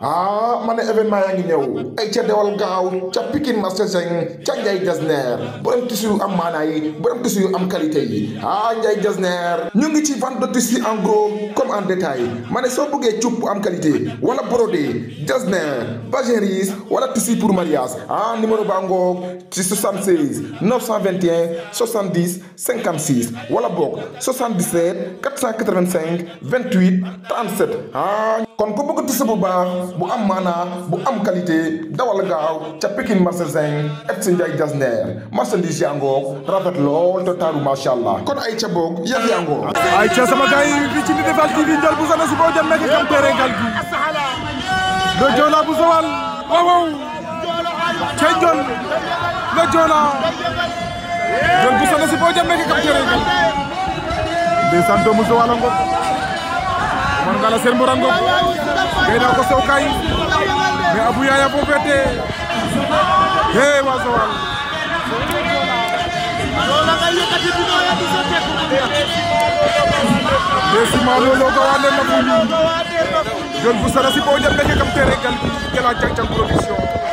ah ma ne événement yaa ngi ñëw ay ca dewal gaaw ca Pikine Master Seng ca Ndiaye Jasner borom tissu yu am maanaa yi borom tissu yu am qualité yi ah Ndiaye Jasner ñu ngi ci vente de tissu en gros comme en détail ma ne soo bëggee cuub bu am qualité wala brodé Jasner Bageris wala tissu pour mariage ah numéro baa ngoog ci 76 921 70 56 wala boog 77 485 28 37 ah. kon ko bëgg tissu bu baax bu am mana bu am qualité dawal gaaw ca Pikine marché Zinc et ci Ndiaye Jasner marchandise yaa rafet lool te taaru macha allah kon ay ca bok yàq yaa ngoog. ay ca sama gaay bi fii ci Ndindy Fall TV bu sama su bo jëm nek kam tere gal gi do jola bu sawal wa waaw ca do jola Joola bu sama su bo jëm nek kam tere gal santo mu sawal ngok kon Ngalla Sène Mbor a ngoog ngay daw ko sow kay mais Abou Yaya boo bettee hee waa Sowal. Desi Maodo loo ko waa Demba Foundiougne John Boussara si boo jëm nga njëkkam tere gal gi Jalla Cang Cang production.